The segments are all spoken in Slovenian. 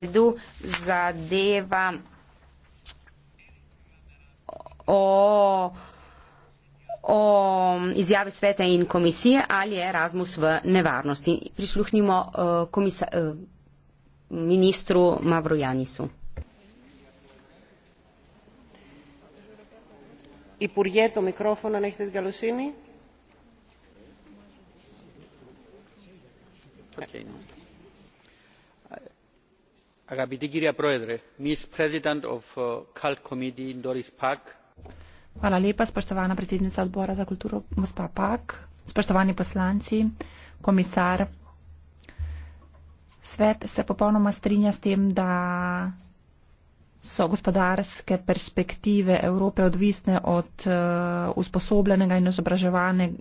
redu zadeva o, o izjavi sveta in komisije, ali je Erasmus v nevarnosti. Prisluhnimo uh, komisa, uh, ministru Mavrojanisu. Ipurjeto mikrofona nehte zgalosini. Okay agabide kirja proedre miss president of uh, cal committee doris pack hvala lepa spoštovana predsednica odbora za kulturo gospa pack spoštovani poslanci komisar svet se popolnoma strinja s tem da so gospodarske perspektive Evrope odvisne od uh, usposobljenega in izobraževanega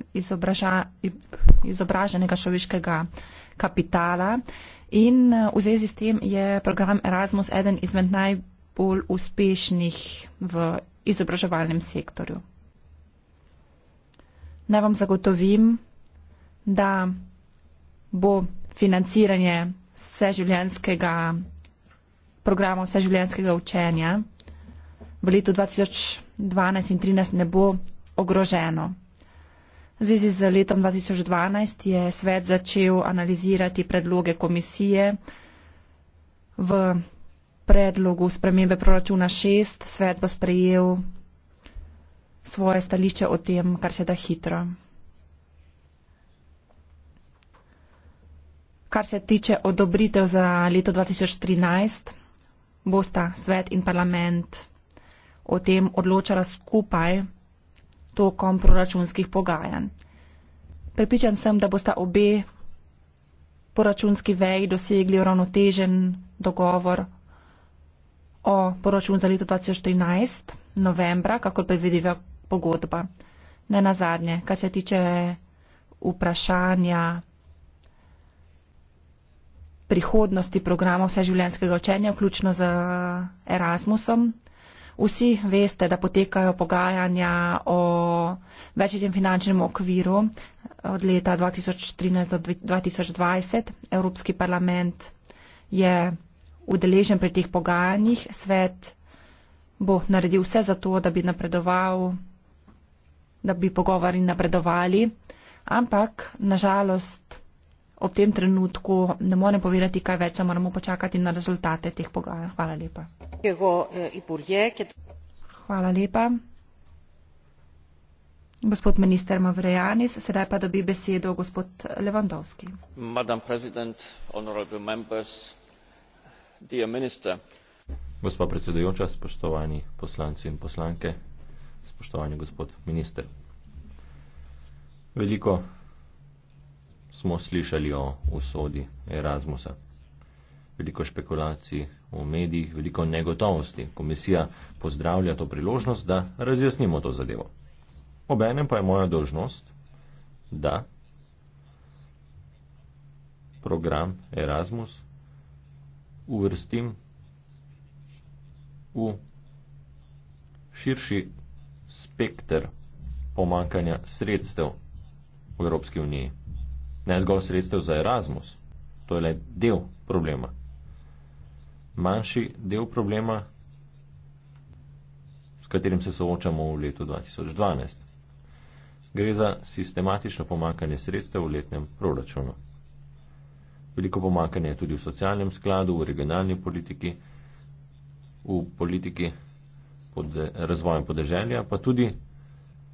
izobraženega človeškega kapitala. In eh, v zvezi s tem je program Erasmus eden izmed najbolj uspešnih v izobraževalnem sektorju. Naj vam zagotovim, da bo financiranje vseživljenskega programa, vseživljenskega učenja v letu 2012 in 2013 ne bo ogroženo. V zvezi z letom 2012 je svet začel analizirati predloge komisije. V predlogu spremembe proračuna 6 svet bo sprejel svoje stališče o tem, kar se da hitro. Kar se tiče odobritev za leto 2013, bosta svet in parlament o tem odločala skupaj tokom proračunskih pogajanj. Pripričan sem, da bosta obe proračunski veji dosegli ravnotežen dogovor o proračun za leto 2013, novembra, kako predvideva pogodba. Ne na zadnje, kar se tiče vprašanja prihodnosti programa vseživljenskega učenja, vključno z Erasmusom. Vsi veste, da potekajo pogajanja o večjem finančnem okviru od leta 2013 do 2020. Evropski parlament je udeležen pri teh pogajanjih. Svet bo naredil vse za to, da bi napredoval, da bi pogovori napredovali. Ampak, nažalost, ob tem trenutku ne morem povedati, kaj več, moramo počakati na rezultate teh pogajanj. Hvala lepa. Hvala lepa. Gospod minister Mavrejanis, sedaj pa dobi besedo gospod Levandovski. Gospa predsedujoča, spoštovani poslanci in poslanke, spoštovani gospod minister. Veliko smo slišali o usodi Erasmusa veliko špekulacij v medijih, veliko negotovosti. Komisija pozdravlja to priložnost, da razjasnimo to zadevo. Obenem pa je moja dožnost, da program Erasmus uvrstim v širši spektr pomankanja sredstev v Evropski uniji. Ne zgolj sredstev za Erasmus, to je le del problema manjši del problema, s katerim se soočamo v letu 2012. Gre za sistematično pomankanje sredstev v letnem proračunu. Veliko pomankanje je tudi v socialnem skladu, v regionalni politiki, v politiki pod razvojem podeželja, pa tudi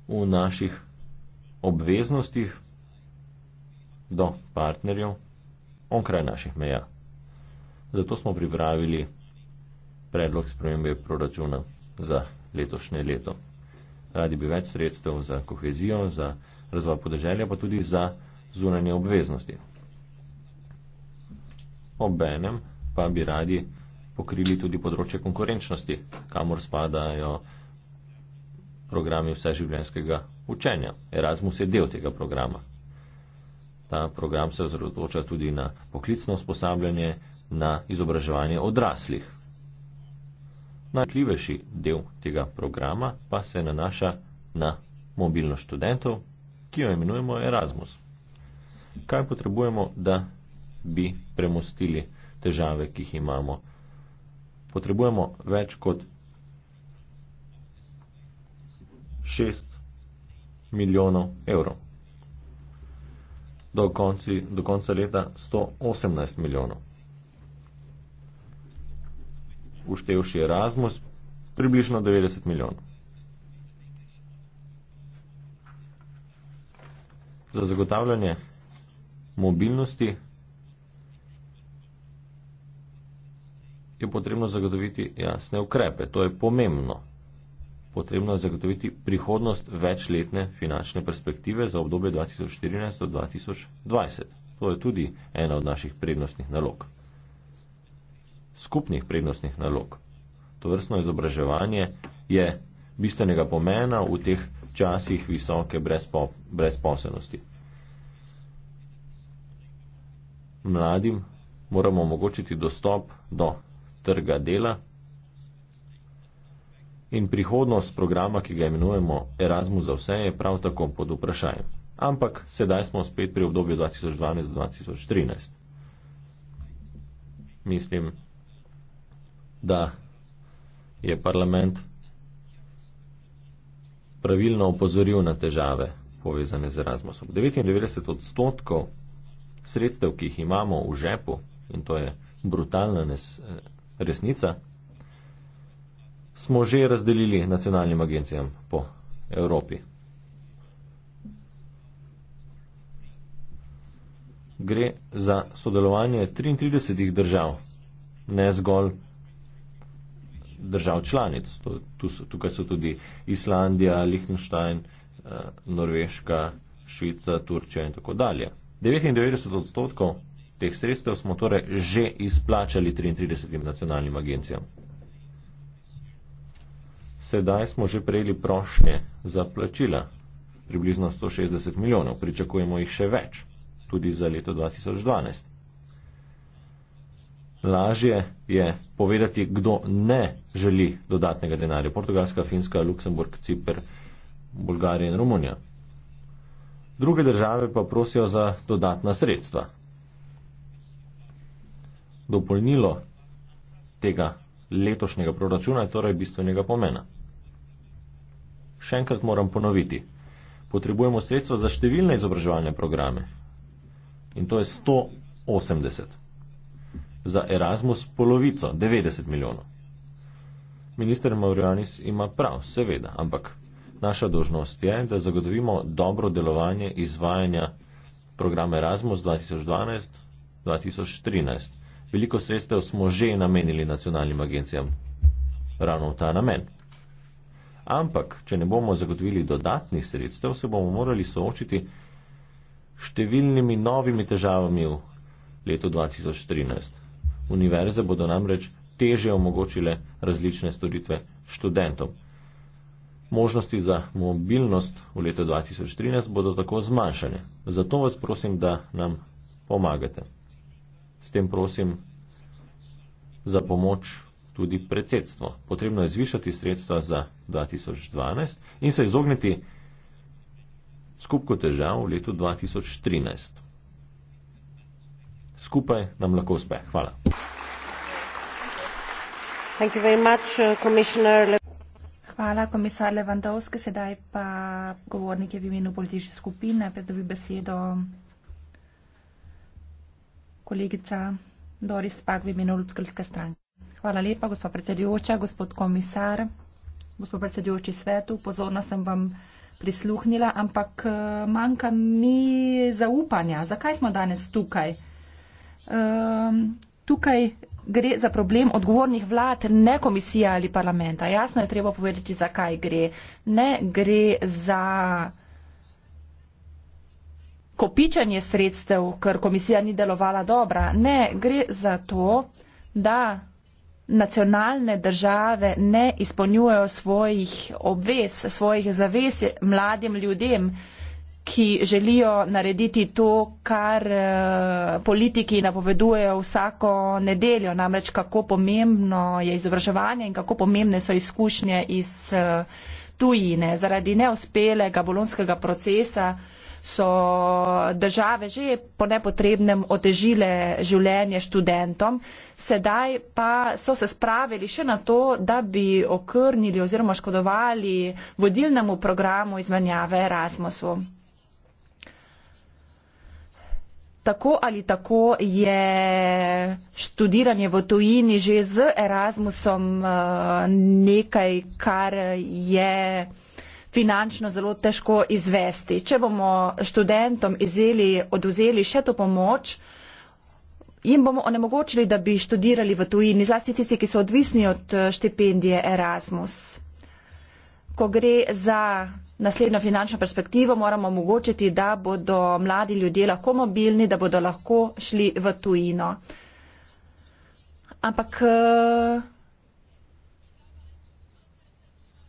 v naših obveznostih do partnerjev onkraj naših meja. Zato smo pripravili predlog spremembe proračuna za letošnje leto. Radi bi več sredstev za kohezijo, za razvoj podeželja, pa tudi za zunanje obveznosti. Obenem pa bi radi pokrili tudi področje konkurenčnosti, kamor spadajo programi vseživljenjskega učenja. Erasmus je del tega programa. Ta program se ozrotoča tudi na poklicno usposabljanje, na izobraževanje odraslih. Najtljivejši del tega programa pa se nanaša na mobilnost študentov, ki jo imenujemo Erasmus. Kaj potrebujemo, da bi premostili težave, ki jih imamo? Potrebujemo več kot 6 milijonov evrov. Do, konci, do konca leta 118 milijonov uštevši Erasmus, približno 90 milijonov. Za zagotavljanje mobilnosti je potrebno zagotoviti jasne ukrepe. To je pomembno. Potrebno je zagotoviti prihodnost večletne finančne perspektive za obdobje 2014-2020. To je tudi ena od naših prednostnih nalog skupnih prednostnih nalog. To vrstno izobraževanje je bistvenega pomena v teh časih visoke brezpo, brezposelnosti. Mladim moramo omogočiti dostop do trga dela in prihodnost programa, ki ga imenujemo Erasmus za vse, je prav tako pod vprašanjem. Ampak sedaj smo spet pri obdobju 2012-2013. Mislim, da je parlament pravilno opozoril na težave povezane z Erasmusom. 99 odstotkov sredstev, ki jih imamo v žepu, in to je brutalna resnica, smo že razdelili nacionalnim agencijam po Evropi. Gre za sodelovanje 33 držav, ne zgolj držav članic. To, tu so, tukaj so tudi Islandija, Liechtenstein, eh, Norveška, Švica, Turčija in tako dalje. 99 odstotkov teh sredstev smo torej že izplačali 33 nacionalnim agencijam. Sedaj smo že prejeli prošnje za plačila, približno 160 milijonov, pričakujemo jih še več, tudi za leto 2012 lažje je povedati, kdo ne želi dodatnega denarja. Portugalska, Finska, Luksemburg, Cipr, Bulgarija in Romunija. Druge države pa prosijo za dodatna sredstva. Dopolnilo tega letošnjega proračuna je torej bistvenega pomena. Še enkrat moram ponoviti. Potrebujemo sredstva za številne izobraževalne programe. In to je 180 za Erasmus polovico, 90 milijonov. Minister Maurianis ima prav, seveda, ampak naša dožnost je, da zagotovimo dobro delovanje izvajanja programa Erasmus 2012-2013. Veliko sredstev smo že namenili nacionalnim agencijam ravno v ta namen. Ampak, če ne bomo zagotovili dodatnih sredstev, se bomo morali soočiti številnimi novimi težavami v letu 2013. Univerze bodo namreč teže omogočile različne storitve študentom. Možnosti za mobilnost v letu 2013 bodo tako zmanjšane. Zato vas prosim, da nam pomagate. S tem prosim za pomoč tudi predsedstvo. Potrebno je zvišati sredstva za 2012 in se izogniti skupko težav v letu 2013 skupaj nam lahko uspe. Hvala. Uh, Hvala, komisar Levandovski. Sedaj pa govornik je v imenu politične skupine. Najprej dobi besedo kolegica Doris Pak v imenu Ljubskrske stranke. Hvala lepa, gospod predsedujoča, gospod komisar, gospod predsedujoči svetu. Pozorno sem vam prisluhnila, ampak uh, manjka mi zaupanja. Zakaj smo danes tukaj? um, tukaj gre za problem odgovornih vlad, ne komisije ali parlamenta. Jasno je treba povedati, zakaj gre. Ne gre za kopičanje sredstev, ker komisija ni delovala dobra. Ne gre za to, da nacionalne države ne izpolnjujejo svojih obvez, svojih zavez mladim ljudem. Uh, ki želijo narediti to, kar eh, politiki napovedujejo vsako nedeljo, namreč kako pomembno je izobraževanje in kako pomembne so izkušnje iz eh, tujine. Zaradi neuspelega bolonskega procesa so države že po nepotrebnem otežile življenje študentom, sedaj pa so se spravili še na to, da bi okrnili oziroma škodovali vodilnemu programu izmenjave Erasmusu. Tako ali tako je študiranje v tujini že z Erasmusom eh, nekaj, kar je finančno zelo težko izvesti. Če bomo študentom izeli, oduzeli še to pomoč, jim bomo onemogočili, da bi študirali v tujini, zlasti tisti, ki so odvisni od eh, štipendije Erasmus. Ko gre za naslednjo finančno perspektivo moramo omogočiti, da bodo mladi ljudje lahko mobilni, da bodo lahko šli v tujino. Ampak eh,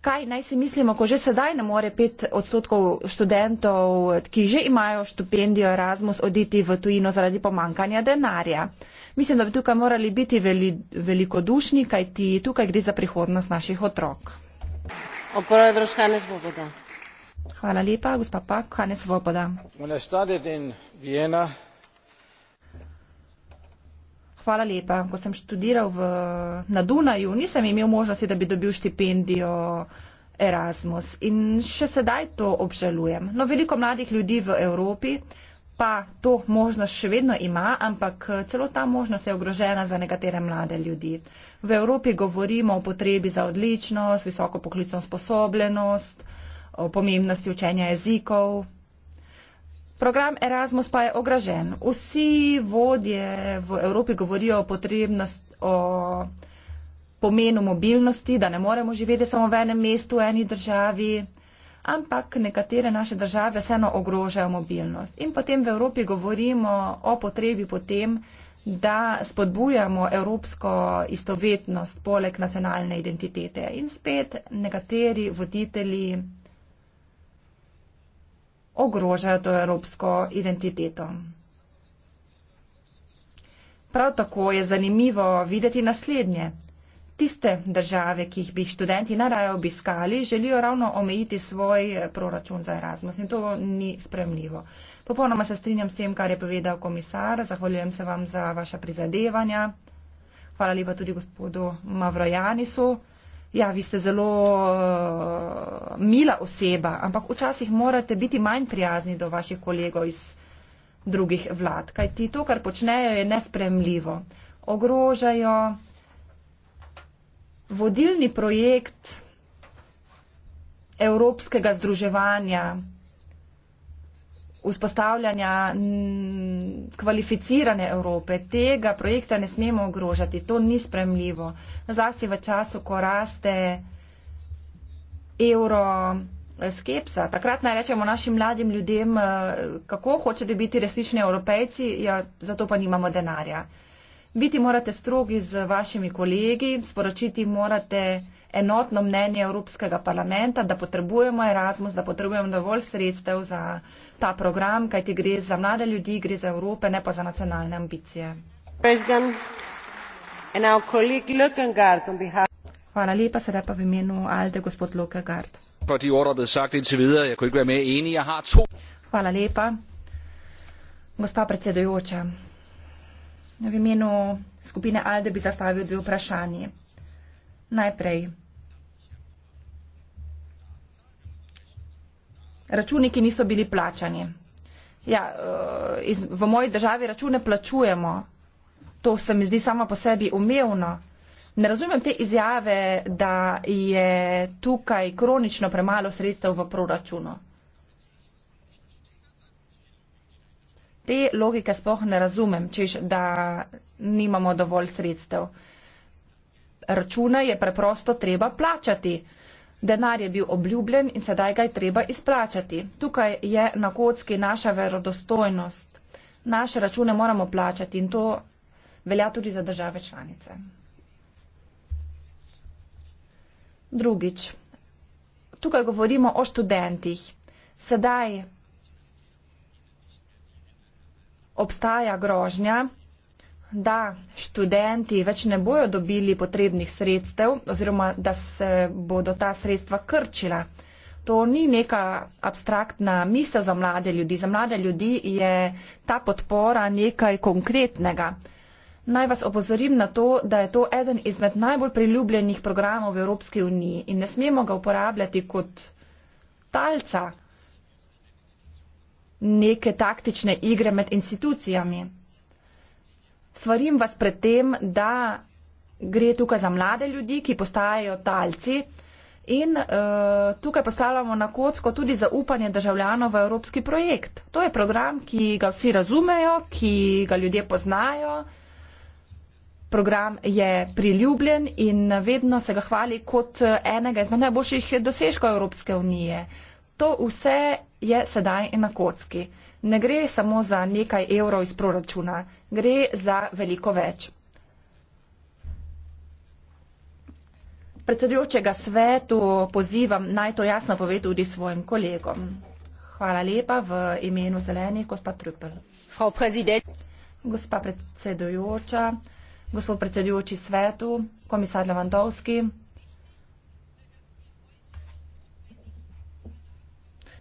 kaj naj si mislimo, ko že sedaj ne more pet odstotkov študentov, ki že imajo štipendijo Erasmus, oditi v tujino zaradi pomankanja denarja? Mislim, da bi tukaj morali biti veli, velikodušni, kaj ti tukaj gre za prihodnost naših otrok. Oporaj družkane zboboda. Hvala lepa, gospa Pak, Hane Svoboda. Hvala lepa. Ko sem študiral v, na Dunaju, nisem imel možnosti, da bi dobil štipendijo Erasmus. In še sedaj to obžalujem. No, veliko mladih ljudi v Evropi pa to možnost še vedno ima, ampak celo ta možnost je ogrožena za nekatere mlade ljudi. V Evropi govorimo o potrebi za odličnost, visoko poklicno sposobljenost o pomembnosti učenja jezikov. Program Erasmus pa je ogrožen. Vsi vodje v Evropi govorijo o potrebnosti, o pomenu mobilnosti, da ne moremo živeti samo v enem mestu, v eni državi, ampak nekatere naše države vseeno ogrožajo mobilnost. In potem v Evropi govorimo o potrebi potem, da spodbujamo evropsko istovetnost poleg nacionalne identitete. In spet nekateri voditelji ogrožajo to evropsko identiteto. Prav tako je zanimivo videti naslednje. Tiste države, ki jih bi študenti naraje obiskali, želijo ravno omejiti svoj proračun za Erasmus in to ni spremljivo. Popolnoma se strinjam s tem, kar je povedal komisar. Zahvaljujem se vam za vaša prizadevanja. Hvala lepa tudi gospodu Mavrojanisu. Ja, vi ste zelo uh, mila oseba, ampak včasih morate biti manj prijazni do vaših kolegov iz drugih vlad, kajti to, kar počnejo, je nespremljivo. Ogrožajo vodilni projekt evropskega združevanja, vzpostavljanja kvalificirane Evrope, tega projekta ne smemo ogrožati, to ni spremljivo. Zlasti v času, ko raste evro skepsa. Takrat naj rečemo našim mladim ljudem, eh, kako hočete biti resnični evropejci, ja, zato pa nimamo denarja. Biti morate strogi z vašimi kolegi, sporočiti morate enotno mnenje Evropskega parlamenta, da potrebujemo Erasmus, da potrebujemo dovolj sredstev za ta program, kajti gre za mlade ljudi, gre za Evrope, ne pa za nacionalne ambicije. Hvala lepa, sedaj pa v imenu Alde, gospod Lokegard. Er Hvala lepa, gospa predsedujoča v imenu skupine Alde bi zastavil dve vprašanje. Najprej. Računi, ki niso bili plačani. Ja, eh, iz, v moji državi račune plačujemo. To se mi zdi samo po sebi umevno. Ne razumem te izjave, da je tukaj kronično premalo sredstev v proračunu. te logike spoh ne razumem, češ, da nimamo dovolj sredstev. Računa je preprosto treba plačati. Denar je bil obljubljen in sedaj ga je treba izplačati. Tukaj je na kocki naša verodostojnost. Naše račune moramo plačati in to velja tudi za države članice. Drugič. Tukaj govorimo o študentih. Sedaj obstaja grožnja, da študenti več ne bojo dobili potrebnih sredstev oziroma da se bodo ta sredstva krčila. To ni neka abstraktna misel za mlade ljudi. Za mlade ljudi je ta podpora nekaj konkretnega. Naj vas opozorim na to, da je to eden izmed najbolj priljubljenih programov v Evropski uniji in ne smemo ga uporabljati kot talca neke taktične igre med institucijami. Svarim vas pred tem, da gre tukaj za mlade ljudi, ki postajajo talci in uh, tukaj postavljamo na kocko tudi zaupanje državljanov v evropski projekt. To je program, ki ga vsi razumejo, ki ga ljudje poznajo. Program je priljubljen in vedno se ga hvali kot eh, enega izmed najboljših dosežkov Evropske unije. Uh, To vse je sedaj na kocki. Ne gre samo za nekaj evrov iz proračuna, gre za veliko več. Predsedujočega svetu pozivam naj to jasno pove tudi svojim kolegom. Hvala lepa v imenu zelenih, gospa Trupel. Gospa predsedujoča, gospod predsedujoči svetu, komisar Levandovski.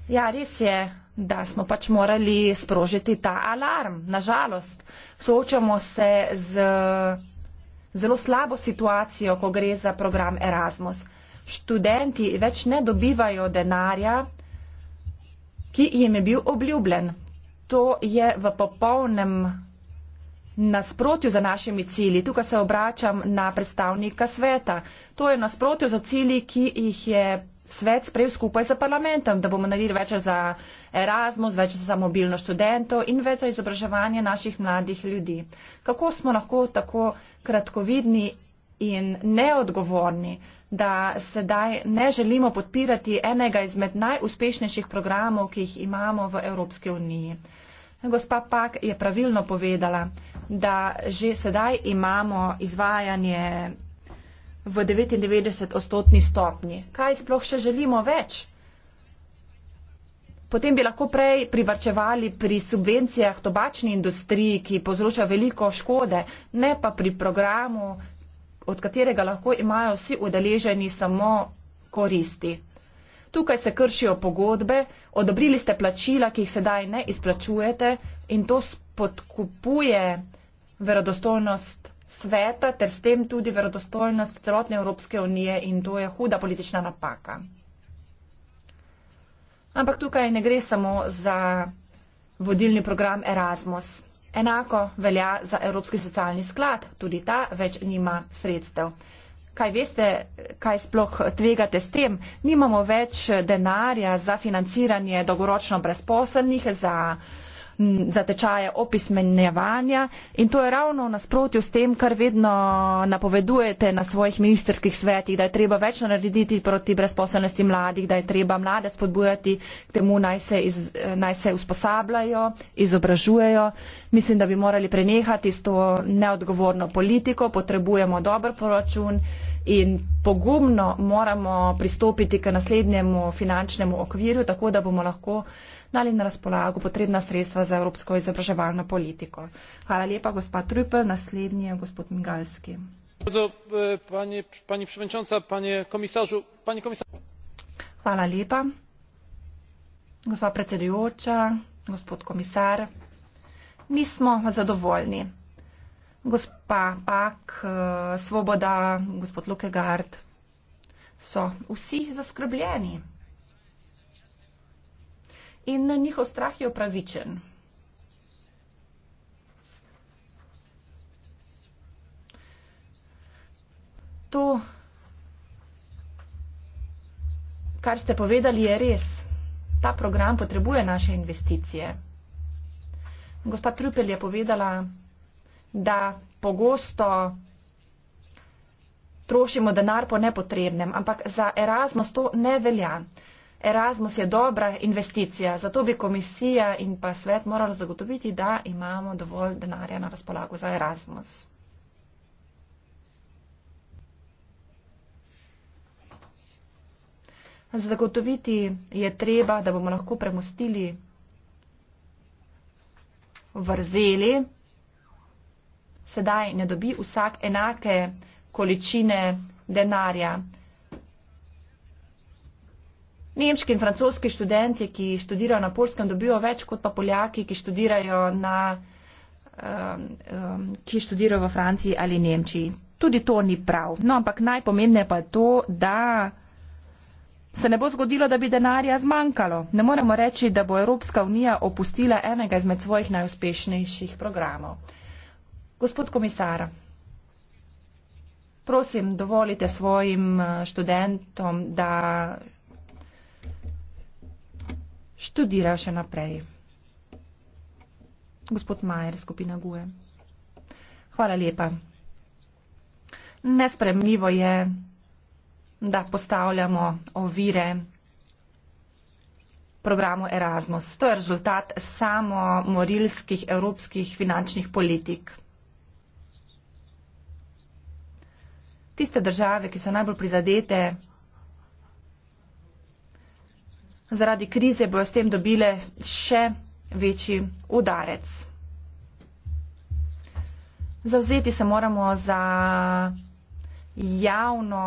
Ja, res je, da smo pač morali sprožiti ta alarm. Nažalost, soočamo se z zelo slabo situacijo, ko gre za program Erasmus. Študenti več ne dobivajo denarja, ki jim je bil obljubljen. To je v popolnem nasprotju za našimi cilji. Tukaj se obračam na predstavnika sveta. To je nasprotju za cilji, ki jih je svet sprejel skupaj z parlamentom, da bomo naredili več za Erasmus, več za mobilno študento in več za izobraževanje naših mladih ljudi. Kako smo lahko tako kratkovidni in neodgovorni, da sedaj ne želimo podpirati enega izmed najuspešnejših programov, ki jih imamo v Evropski uniji. Gospa Pak je pravilno povedala, da že sedaj imamo izvajanje v 99-odstotni stopnji. Kaj sploh še želimo več? Potem bi lahko prej privrčevali pri subvencijah tobačni industriji, ki povzroča veliko škode, ne pa pri programu, od katerega lahko imajo vsi udeleženi samo koristi. Tukaj se kršijo pogodbe, odobrili ste plačila, ki jih sedaj ne izplačujete in to spodkupuje verodostojnost sveta ter s tem tudi verodostojnost celotne Evropske unije in to je huda politična napaka. Ampak tukaj ne gre samo za vodilni program Erasmus. Enako velja za Evropski socialni sklad, tudi ta več nima sredstev. Kaj veste, kaj sploh tvegate s tem? Nimamo več denarja za financiranje dolgoročno brezposelnih, za uh, zatečaje opismenjevanja in to je ravno v nasprotju s tem, kar vedno napovedujete na svojih ministerskih svetih, da je treba več narediti proti brezposobnosti mladih, da je treba mlade spodbujati k temu, naj se, iz, naj se usposabljajo, izobražujejo. Mislim, da bi morali prenehati s to neodgovorno politiko, potrebujemo dober proračun in pogumno moramo pristopiti k naslednjemu finančnemu okviru, tako da bomo lahko dali na razpolago potrebna sredstva za evropsko izobraževalno politiko. Hvala lepa, gospa Trupel. Naslednji je gospod Migalski. E, Hvala lepa, gospa predsedujoča, gospod komisar. Nismo zadovoljni. Gospa Pak, e, Svoboda, gospod Lukegard so vsi zaskrbljeni in njihov strah je upravičen. To, kar ste povedali, je res. Ta program potrebuje naše investicije. Gospa Trupel je povedala, da pogosto trošimo denar po nepotrebnem, ampak za Erasmus to ne velja. Erasmus je dobra investicija, zato bi komisija in pa svet morali zagotoviti, da imamo dovolj denarja na razpolago za Erasmus. Zagotoviti je treba, da bomo lahko premostili vrzeli. Sedaj ne dobi vsak enake količine denarja. Nemški in francoski študentje, ki študirajo na polskem, dobijo več kot pa Poljaki, ki študirajo, na, um, um, ki študirajo v Franciji ali Nemčiji. Tudi to ni prav. No, ampak najpomembneje pa je to, da se ne bo zgodilo, da bi denarja zmanjkalo. Ne moremo reči, da bo Evropska unija opustila enega izmed svojih najuspešnejših programov. Gospod komisar, prosim, dovolite svojim uh, študentom, da študiral še naprej. Gospod Majer, skupina Gue. Hvala lepa. Nespremljivo je, da postavljamo ovire programu Erasmus. To je rezultat samo morilskih evropskih finančnih politik. Tiste države, ki so najbolj prizadete, zaradi krize bojo s tem dobile še večji udarec. Zavzeti se moramo za javno,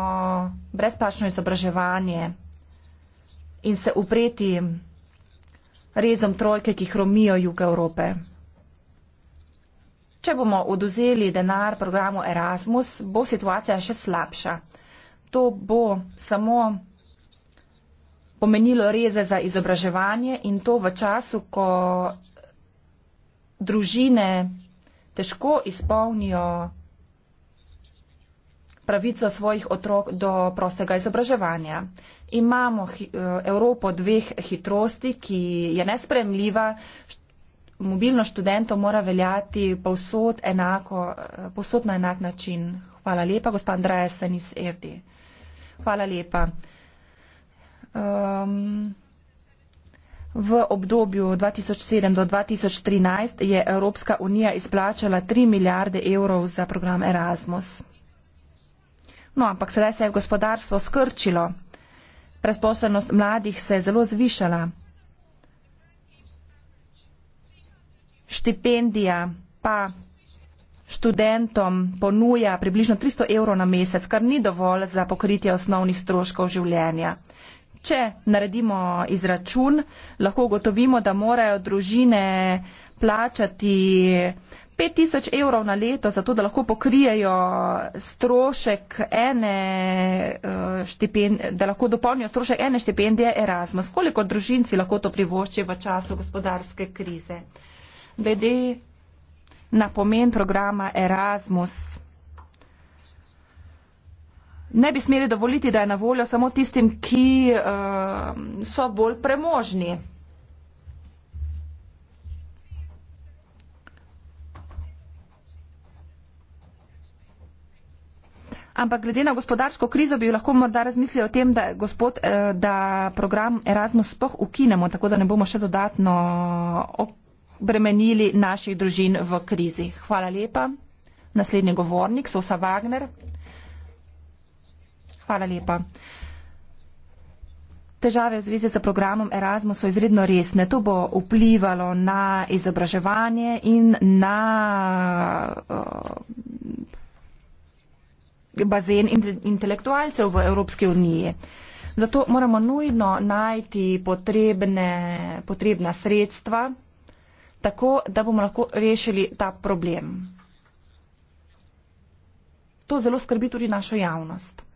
brezplačno izobraževanje in se upreti rezom trojke, ki hromijo jug Evrope. Če bomo oduzeli denar programu Erasmus, bo situacija še slabša. To bo samo pomenilo reze za izobraževanje in to v času, ko družine težko izpolnijo pravico svojih otrok do prostega izobraževanja. Imamo eh, Evropo dveh hitrosti, ki je nespremljiva. Mobilno študento mora veljati povsod, enako, eh, povsod na enak način. Hvala lepa, gospod Andreja Senis Erdi. Hvala lepa. Um, v obdobju 2007 do 2013 je Evropska unija izplačala 3 milijarde evrov za program Erasmus. No, ampak sedaj se je gospodarstvo skrčilo. Presposobnost mladih se je zelo zvišala. Štipendija pa študentom ponuja približno 300 evrov na mesec, kar ni dovolj za pokritje osnovnih stroškov življenja. Če naredimo izračun, lahko ugotovimo, da morajo družine plačati 5000 evrov na leto, zato da lahko pokrijejo strošek ene eh, štipendije, da lahko dopolnijo strošek ene štipendije Erasmus. Koliko družin si lahko to privošči v času gospodarske krize? Glede na pomen programa Erasmus ne bi smeli dovoliti, da je na voljo samo tistim, ki uh, so bolj premožni. Ampak glede na gospodarsko krizo bi lahko morda razmislili o tem, da, gospod, eh, da program Erasmus spoh ukinemo, tako da ne bomo še dodatno obremenili naših družin v krizi. Hvala lepa. Naslednji govornik, Sosa Wagner. Hvala lepa. Težave v zvezi z programom Erasmus so izredno resne. To bo vplivalo na izobraževanje in na uh, bazen intelektualcev v Evropski uniji. Zato moramo nujno najti potrebne, potrebna sredstva, tako da bomo lahko rešili ta problem. To zelo skrbi tudi našo javnost.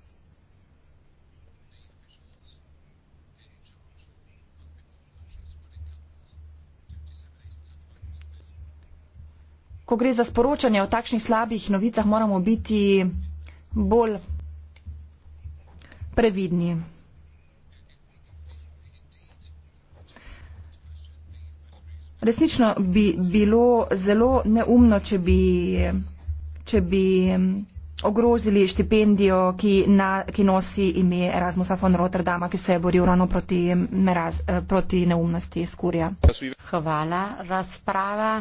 ko gre za sporočanje o takšnih slabih novicah, moramo biti bolj previdni. Resnično bi bilo zelo neumno, če bi, če bi ogrozili štipendijo, ki, na, ki nosi ime Erasmusa von Rotterdama, ki se je boril ravno proti, meraz, eh, proti neumnosti skurja. Hvala. Razprava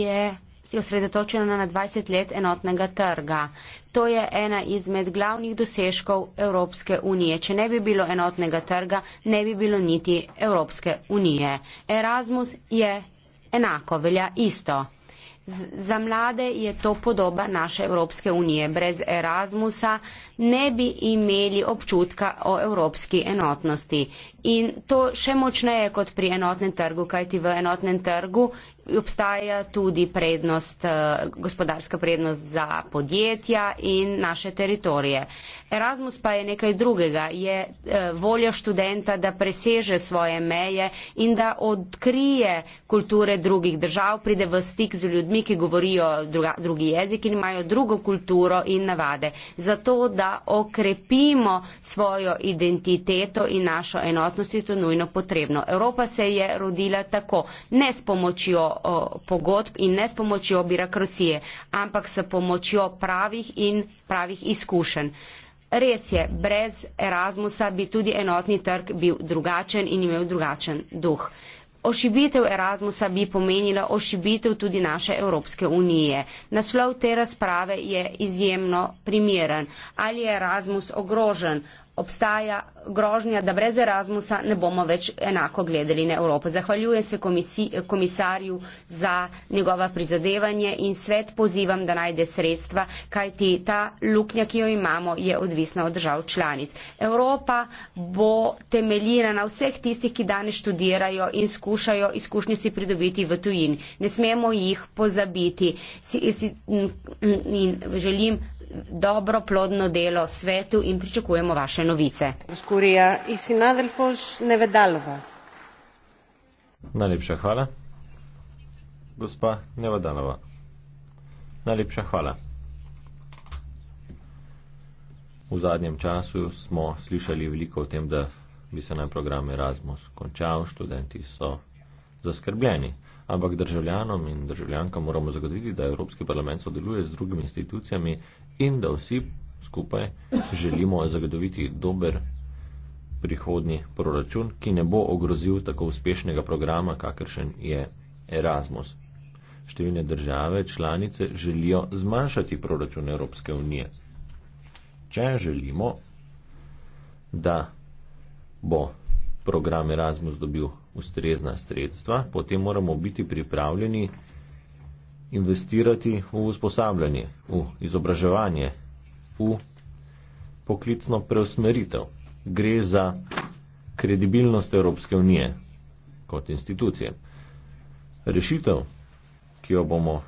je je osredotočena na 20 let enotnega trga. To je ena izmed glavnih dosežkov Evropske unije. Če ne bi bilo enotnega trga, ne bi bilo niti Evropske unije. Erasmus je enako, velja isto. Z, za mlade je to podoba naše Evropske unije. Brez Erasmusa ne bi imeli občutka o evropski enotnosti. In to še močneje kot pri enotnem trgu, kajti v enotnem trgu obstaja tudi prednost, eh, gospodarska prednost za podjetja in naše teritorije. Erasmus pa je nekaj drugega, je eh, voljo študenta, da preseže svoje meje in da odkrije kulture drugih držav, pride v stik z ljudmi, ki govorijo druga, drugi jezik in imajo drugo kulturo in navade. Zato, da okrepimo svojo identiteto in našo enotnost, je to nujno potrebno. Evropa se je rodila tako, ne s pomočjo o, pogodb in ne s pomočjo birokracije, ampak s pomočjo pravih in pravih izkušenj. Res je, brez Erasmusa bi tudi enotni trg bil drugačen in imel drugačen duh. Ošibitev Erasmusa bi pomenila ošibitev tudi naše Evropske unije. Naslov te razprave je izjemno primeren. Ali je Erasmus ogrožen? obstaja grožnja, da brez Erasmusa ne bomo več enako gledali na Evropo. Zahvaljujem se komisi, komisarju za njegova prizadevanje in svet pozivam, da najde sredstva, kajti ta luknja, ki jo imamo, je odvisna od držav članic. Evropa bo temeljila na vseh tistih, ki danes študirajo in skušajo izkušnje si pridobiti v tujin. Ne smemo jih pozabiti. Si, si, in, in želim dobro plodno delo svetu in pričakujemo vaše novice. Najlepša hvala. Gospa Nevadanova. Najlepša hvala. V zadnjem času smo slišali veliko o tem, da bi se naj program Erasmus končal, študenti so zaskrbljeni. Ampak državljanom in državljankam moramo zagotoviti, da Evropski parlament sodeluje z drugimi institucijami, in da vsi skupaj želimo zagotoviti dober prihodni proračun, ki ne bo ogrozil tako uspešnega programa, kakršen je Erasmus. Številne države članice želijo zmanjšati proračun Evropske unije. Če želimo, da bo program Erasmus dobil ustrezna sredstva, potem moramo biti pripravljeni investirati v usposabljanje, v izobraževanje, v poklicno preusmeritev. Gre za kredibilnost Evropske unije kot institucije. Rešitev, ki jo bomo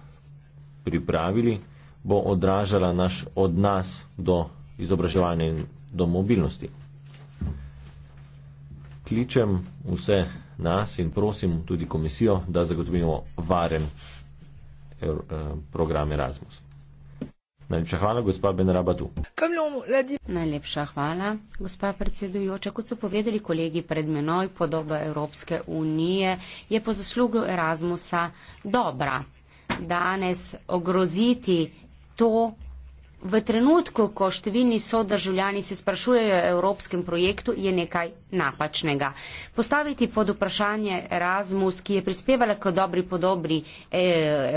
pripravili, bo odražala naš odnos do izobraževanja in do mobilnosti. Kličem vse nas in prosim tudi komisijo, da zagotovimo varen Eh, program Erasmus. Najlepša hvala, gospa Benrabatu. Najlepša hvala, gospa predsedujoča. Kot so povedali kolegi pred menoj, podoba Evropske unije je po zaslugu Erasmusa dobra. Danes ogroziti to V trenutku, ko številni sodržavljani se sprašujejo o evropskem projektu, je nekaj napačnega. Postaviti pod vprašanje Erasmus, ki je prispevala k dobri podobi e,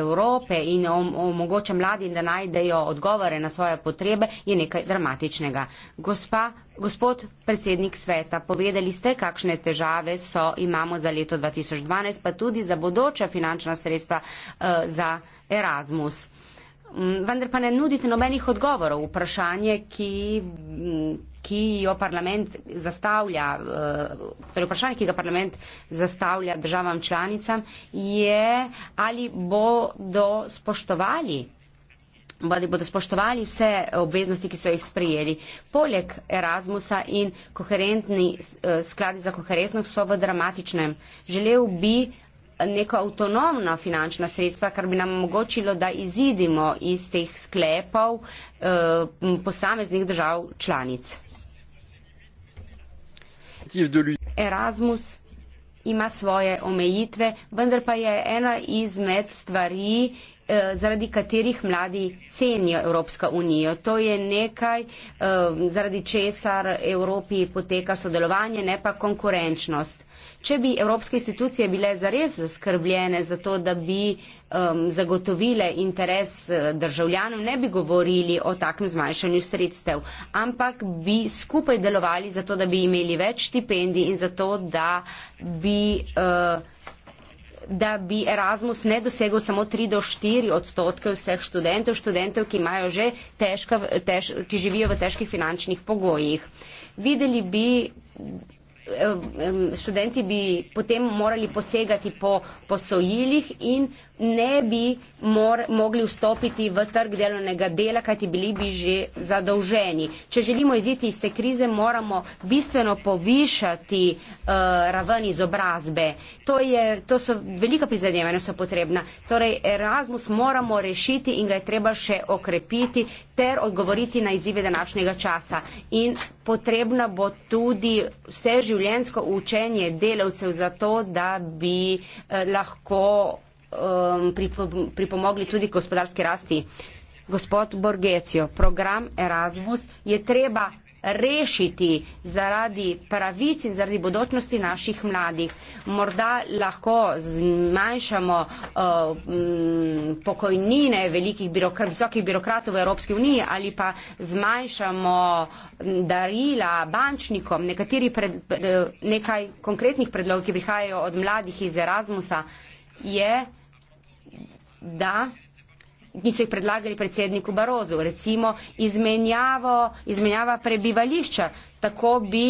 Evrope in omogoča mladim, da najdejo odgovore na svoje potrebe, je nekaj dramatičnega. Gospa, gospod predsednik sveta, povedali ste, kakšne težave so, imamo za leto 2012, pa tudi za bodoča finančna sredstva e, za Erasmus vendar pa ne nudite nobenih odgovorov v vprašanje, ki. Ki jo parlament zastavlja, eh, torej vprašanje, ki ga parlament zastavlja državam članicam, je, ali bodo spoštovali, ali bodo spoštovali vse obveznosti, ki so jih sprejeli. Poleg Erasmusa in koherentni eh, skladi za koherentnost so v dramatičnem. Želel bi, neko avtonomna finančna sredstva, kar bi nam omogočilo, da izidimo iz teh sklepov eh, posameznih držav članic. Erasmus ima svoje omejitve, vendar pa je ena izmed stvari, eh, zaradi katerih mladi cenijo Evropsko unijo. To je nekaj, eh, zaradi česar Evropi poteka sodelovanje, ne pa konkurenčnost. Če bi evropske institucije bile zares zaskrbljene za to, da bi um, zagotovile interes uh, državljanov, ne bi govorili o takem zmanjšanju sredstev, ampak bi skupaj delovali za to, da bi imeli več štipendij in za to, da bi. Uh, da bi Erasmus ne dosegel samo 3 do 4 odstotke vseh študentov, študentov, ki, težka, tež, ki živijo v težkih finančnih pogojih. Videli bi študenti bi potem morali posegati po posojilih in ne bi mor, mogli vstopiti v trg delovnega dela, kajti bili bi že zadolženi. Če želimo iziti iz te krize, moramo bistveno povišati uh, raven izobrazbe to, je, to so velika prizadevanja, so potrebna. Torej, Erasmus moramo rešiti in ga je treba še okrepiti ter odgovoriti na izzive današnjega časa. In potrebna bo tudi vseživljensko učenje delavcev za to, da bi eh, lahko um, pripomogli tudi gospodarski rasti. Gospod Borgecijo, program Erasmus je treba rešiti zaradi pravic in zaradi bodočnosti naših mladih. Morda lahko zmanjšamo uh, pokojnine velikih birokrat, visokih birokratov v Evropski uniji ali pa zmanjšamo darila bančnikom. Nekateri pred, eh, nekaj konkretnih predlogov, ki prihajajo od mladih iz Erasmusa, je, da ki so jih predlagali predsedniku Barozu, recimo izmenjavo, izmenjava prebivališča, tako bi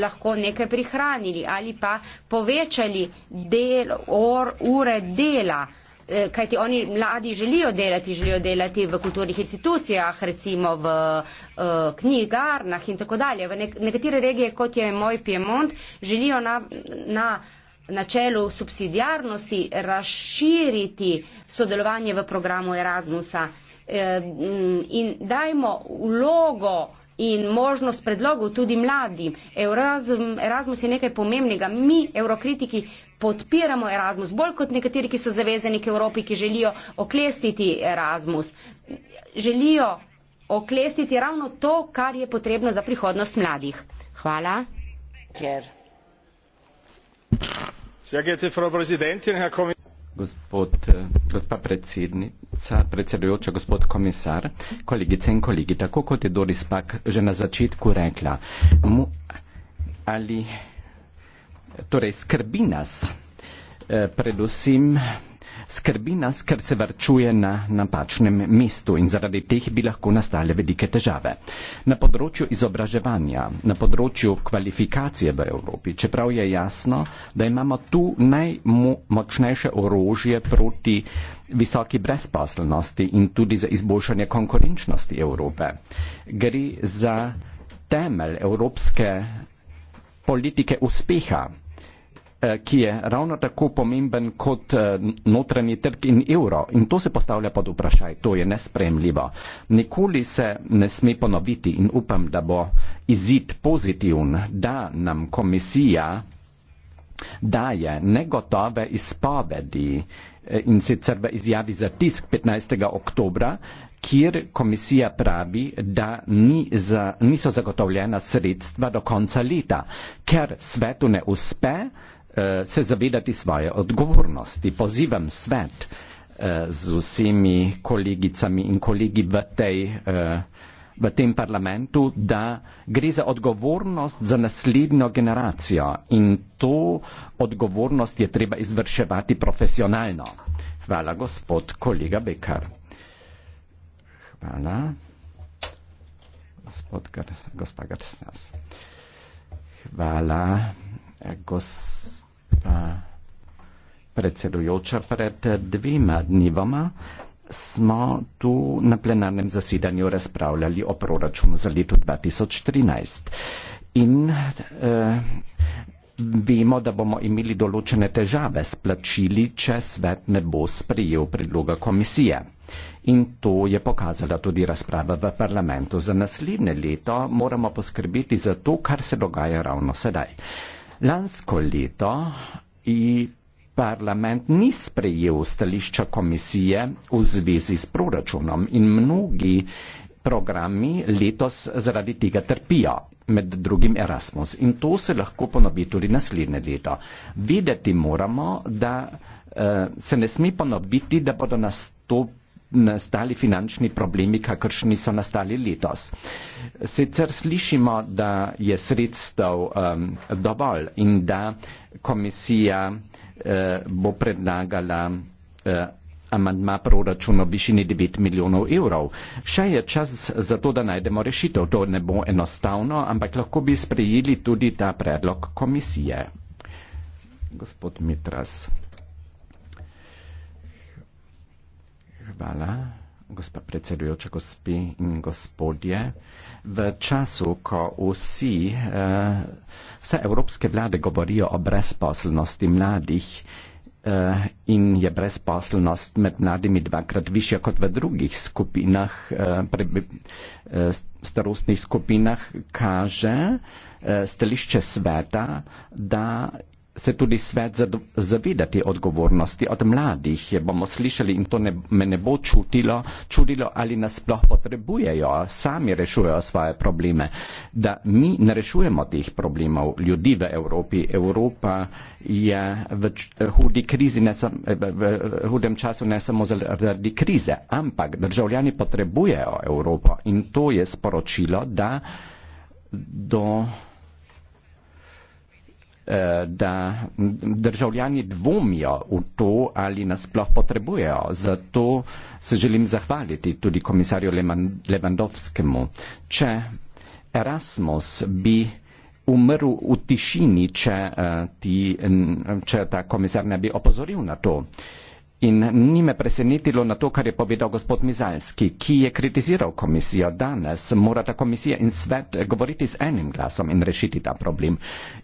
lahko nekaj prihranili ali pa povečali del, or, ure dela. Eh, kajti oni mladi želijo delati, želijo delati v kulturnih institucijah, recimo v uh, knjigarnah in tako dalje. V nek nekatere regije, kot je moj Piemont, želijo na, na načelu subsidijarnosti razširiti sodelovanje v programu Erasmusa eh, in dajmo vlogo in možnost predlogov tudi mladim. Erasmus je nekaj pomembnega. Mi, eurokritiki, podpiramo Erasmus, bolj kot nekateri, ki so zavezani k Evropi, ki želijo oklestiti Erasmus. Želijo oklestiti ravno to, kar je potrebno za prihodnost mladih. Hvala. Ker. Eh, gospa predsednica, predsedujoča, gospod komisar, kolegice in kolegi, tako kot je Doris Pak že na začetku rekla, mu, ali torej skrbi nas eh, predvsem skrbi nas, ker se vrčuje na napačnem mestu in zaradi teh bi lahko nastale velike težave. Na področju izobraževanja, na področju kvalifikacije v Evropi, čeprav je jasno, da imamo tu najmočnejše orožje proti visoki brezposelnosti in tudi za izboljšanje konkurenčnosti Evrope. Gre za temelj evropske politike uspeha. Eh, ki je ravno tako pomemben kot eh, notranji trg in evro. In to se postavlja pod vprašaj. To je nespremljivo. Nikoli se ne sme ponoviti in upam, da bo izid pozitivn, da nam komisija daje negotove izpovedi eh, in sicer v izjavi za tisk 15. oktobra, kjer komisija pravi, da ni za, niso zagotovljena sredstva do konca leta, ker svetu ne uspe, Eh, se zavedati svoje odgovornosti. Pozivam svet eh, z vsemi kolegicami in kolegi v, tej, eh, v tem parlamentu, da gre za odgovornost za naslednjo generacijo in to odgovornost je treba izvrševati profesionalno. Hvala, gospod kolega Bekar. Hvala, gospod Gr gospa Grsfas. Hvala, gospod predsedujoča, pred dvema dnevama smo tu na plenarnem zasedanju razpravljali o proračunu za leto 2013. In uh, vemo, da bomo imeli določene težave s plačili, če svet ne bo sprejel predloga komisije. In to je pokazala tudi razprava v parlamentu. Za naslednje leto moramo poskrbeti za to, kar se dogaja ravno sedaj. Uh, Lansko leto je parlament ni sprejel stališča komisije v zvezi s proračunom in mnogi programi letos zaradi tega trpijo, med drugim Erasmus. In to se lahko ponovi tudi naslednje leto. Vedeti moramo, da uh, se ne sme ponoviti, da bodo nastopili nastali finančni problemi, kakršni so nastali letos. Sicer slišimo, da je sredstev um, dovolj in da komisija uh, bo predlagala uh, amandma proračuna v višini 9 milijonov evrov. Še je čas za to, da najdemo rešitev. To ne bo enostavno, ampak lahko bi sprejeli tudi ta predlog komisije. Gospod Mitras. hvala, gospa predsedujoča, gospi in gospodje. V času, ko vsi, eh, vse evropske vlade govorijo o brezposelnosti mladih eh, in je brezposelnost med mladimi dvakrat višja kot v drugih skupinah, eh, pre, starostnih skupinah, kaže stališče sveta, da se tudi svet zavedati odgovornosti od mladih, bomo slišali in to ne, me ne bo čutilo, čudilo ali nas sploh potrebujejo, sami rešujejo svoje probleme, da mi ne rešujemo teh problemov ljudi v Evropi. Evropa je v hudi krizi, sam, v hudem času ne samo zaradi krize, ampak državljani potrebujejo Evropo in to je sporočilo, da do Eh, da državljani dvomijo v to, ali nas sploh potrebujejo. Zato se želim zahvaliti tudi komisarju Levandovskemu. Če Erasmus bi umrl v tišini, če, eh, ti, če ta komisar ne bi opozoril na to. Uh, In ni me presenetilo na to, kar je povedal gospod Mizalski, ki je kritiziral komisijo. Danes morata komisija in svet govoriti z enim glasom in rešiti ta problem.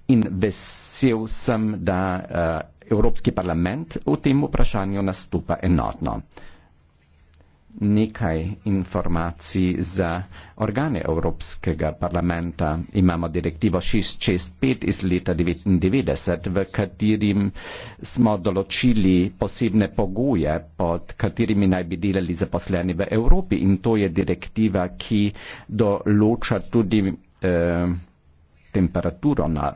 In vesel sem, da uh, Evropski parlament v tem vprašanju nastupa enotno nekaj informacij za organe Evropskega parlamenta. Imamo direktivo 665 iz leta 1999, v katerim smo določili posebne pogoje, pod katerimi naj bi delali zaposleni v Evropi in to je direktiva, ki določa tudi eh, temperaturo na,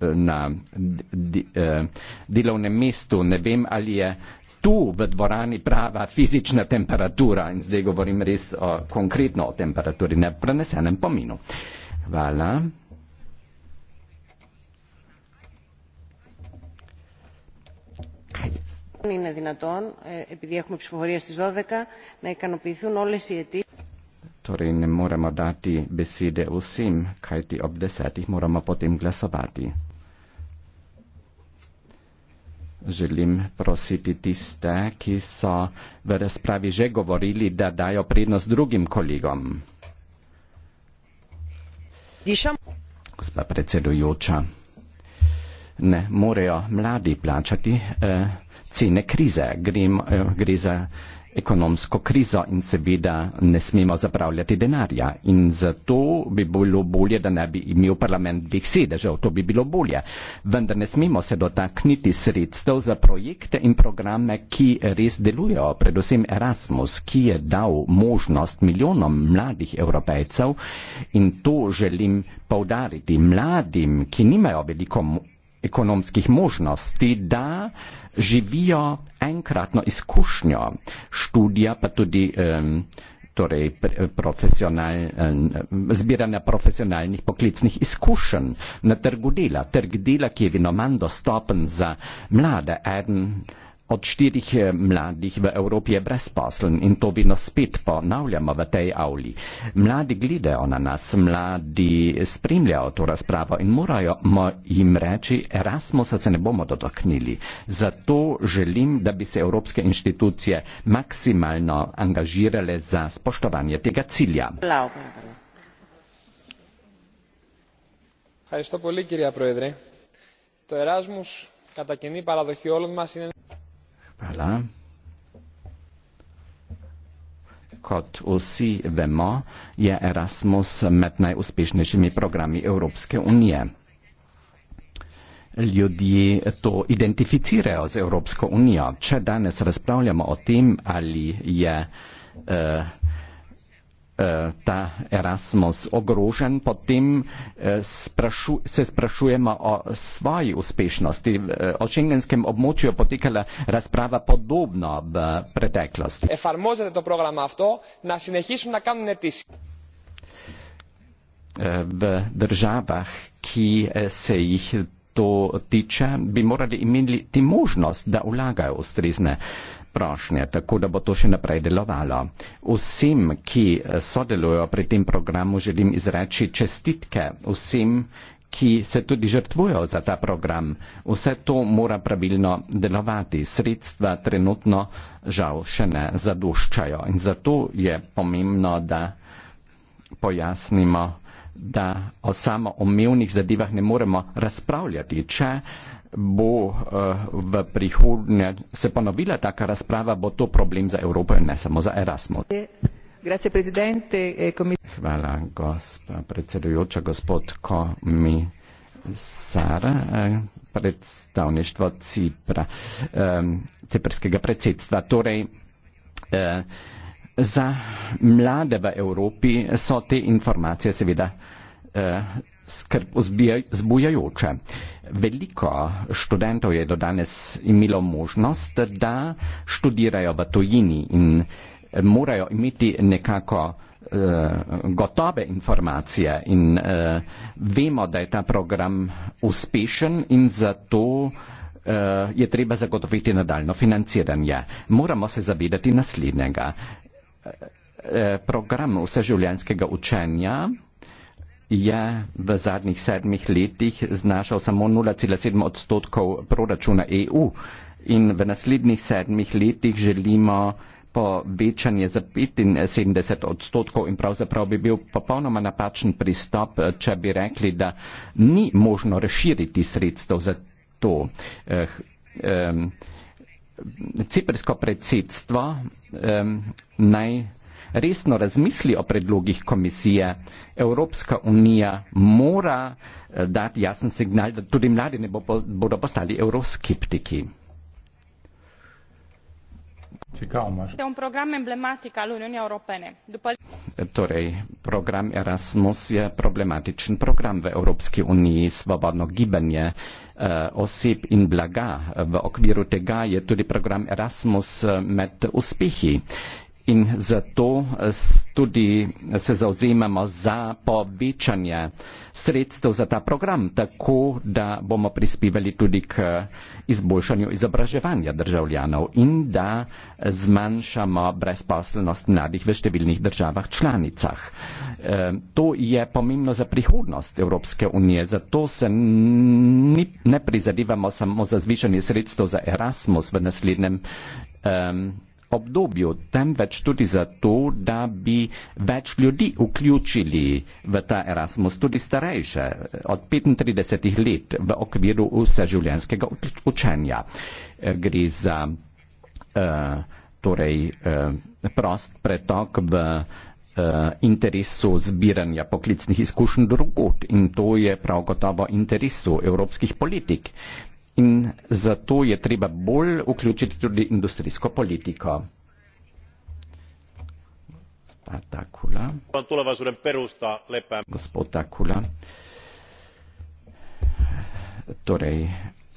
na di, eh, delovnem mestu. Ne vem, ali je tu v dvorani prava fizična temperatura in zdaj govorim res o, konkretno o temperaturi na prenesenem pominu. Hvala. Είναι δυνατόν, επειδή έχουμε ψηφοφορία στις 12, να ικανοποιηθούν όλες οι αιτήσεις. Torej ne moremo dati besede vsem, kajti ob desetih moramo potem glasovati želim prositi tiste, ki so v razpravi že govorili, da dajo prednost drugim kolegom. Dišam. Gospa predsedujoča, ne morejo mladi plačati eh, cene krize. Grim, eh, gre za ekonomsko krizo in seveda ne smemo zapravljati denarja. In zato bi bilo bolje, da ne bi imel parlament dveh sedežev, to bi bilo bolje. Vendar ne smemo se dotakniti sredstev za projekte in programe, ki res delujejo, predvsem Erasmus, ki je dal možnost milijonom mladih evropejcev in to želim povdariti mladim, ki nimajo veliko ekonomskih možnosti, da živijo enkratno izkušnjo študija, pa tudi torej, profesional, zbiranja profesionalnih poklicnih izkušenj na trgu dela. Trg dela, ki je vedno manj dostopen za mlade, eden Od štirih eh, mladih v Evropi je brezposlen in to vedno spet ponavljamo v tej avli. Mladi gledajo na nas, mladi spremljajo to razpravo in morajo jim reči, Erasmusa se ne bomo dotaknili. Zato želim, da bi se evropske inštitucije maksimalno angažirale za spoštovanje tega cilja. Hvala, predsednik. To je Erasmus. Kata kini paradoxi olon mas in dela. Kot vsi vemo, je Erasmus med najuspešnejšimi programi Evropske unije. Ljudje to identificirajo z Evropsko unijo. Če danes razpravljamo o tem, ali je eh, Eh, ta Erasmus ogrožen, potem eh, sprašu, se sprašujemo o svoji uspešnosti. Eh, o šengenskem območju je potekala razprava podobno v preteklosti. V državah, ki se jih to tiče, bi morali imeli ti možnost, da vlagajo ustrezne prošnje, tako da bo to še naprej delovalo. Vsem, ki eh, sodelujo pri tem programu, želim izreči čestitke vsem, ki se tudi žrtvujo za ta program. Vse to mora pravilno delovati. Sredstva trenutno žal še ne zaduščajo. In zato je pomembno, da pojasnimo, da o samo omevnih zadevah ne moremo razpravljati. Če bo eh, v prihodnje se ponovila taka razprava, bo to problem za Evropo in ne samo za Erasmus. Eh, Hvala, gospa predsedujoča, gospod komisar, eh, predstavništvo Cipra, ciprskega predsedstva. Torej, za mlade v Evropi so te informacije seveda skrb zbujajoče. Veliko študentov je do danes imelo možnost, da študirajo v tojini in eh, morajo imeti nekako uh, gotove informacije in uh, vemo, da je ta program uspešen in zato uh, je treba zagotoviti nadaljno financiranje. Moramo se zavedati naslednjega. Uh, program vseživljanskega učenja uh, je v zadnjih sedmih letih znašal samo 0,7 odstotkov proračuna EU in v naslednjih sedmih letih želimo povečanje za 75 odstotkov in pravzaprav bi bil popolnoma napačen pristop, če bi rekli, da ni možno razširiti sredstev za to. Eh, eh, ciprsko predsedstvo eh, naj resno razmisli o predlogih komisije, eh, Evropska unija mora eh, dati jasen signal, da tudi mladi ne bodo postali euroskeptiki. Je un program emblematik ali Unije Evropene. Dupa... E, torej, program Erasmus je problematičen program v Evropski uniji, svobodno gibanje eh, oseb in blaga. Eh, v okviru tega je tudi program Erasmus eh, med uspehi in zato tudi se zauzemamo za povečanje sredstev za ta program, tako da bomo prispevali tudi k izboljšanju izobraževanja državljanov in da zmanjšamo brezposelnost mladih v številnih državah članicah. E, to je pomembno za prihodnost Evropske unije, zato se ne prizadivamo samo za zvišanje sredstev za Erasmus v naslednjem um, obdobju, temveč tudi zato, da bi več ljudi vključili v ta Erasmus, tudi starejše od 35 let v okviru vseživljenjskega učenja. Eh, gre za uh, torej, uh, prost pretok v interesu zbiranja poklicnih izkušenj drugot in to je prav gotovo interesu evropskih politik in zato je treba bolj vključiti tudi industrijsko politiko. Takula. Gospod Takula, torej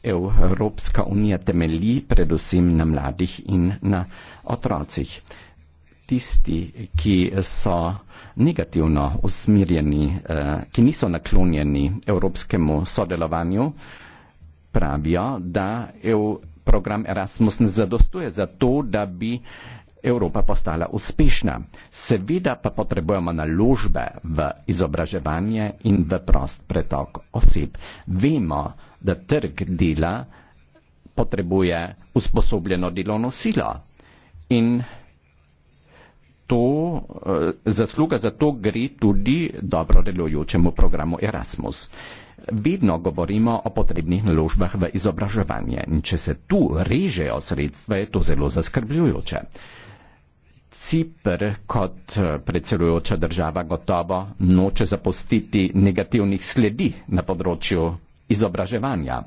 Evropska unija temelji predvsem na mladih in na otrocih. Tisti, ki so negativno usmirjeni, eh, ki niso naklonjeni evropskemu sodelovanju, pravijo, da EU program Erasmus ne zadostuje za to, da bi Evropa postala uspešna. Seveda pa potrebujemo naložbe v izobraževanje in v prost pretok oseb. Vemo, da trg dela potrebuje usposobljeno delovno silo in to, eh, zasluga za to gre tudi dobro delujočemu programu Erasmus vedno govorimo o potrebnih naložbah v izobraževanje in če se tu režejo sredstva, je to zelo zaskrbljujoče. Cipr kot eh, predsedujoča država gotovo noče zapustiti negativnih sledi na področju izobraževanja.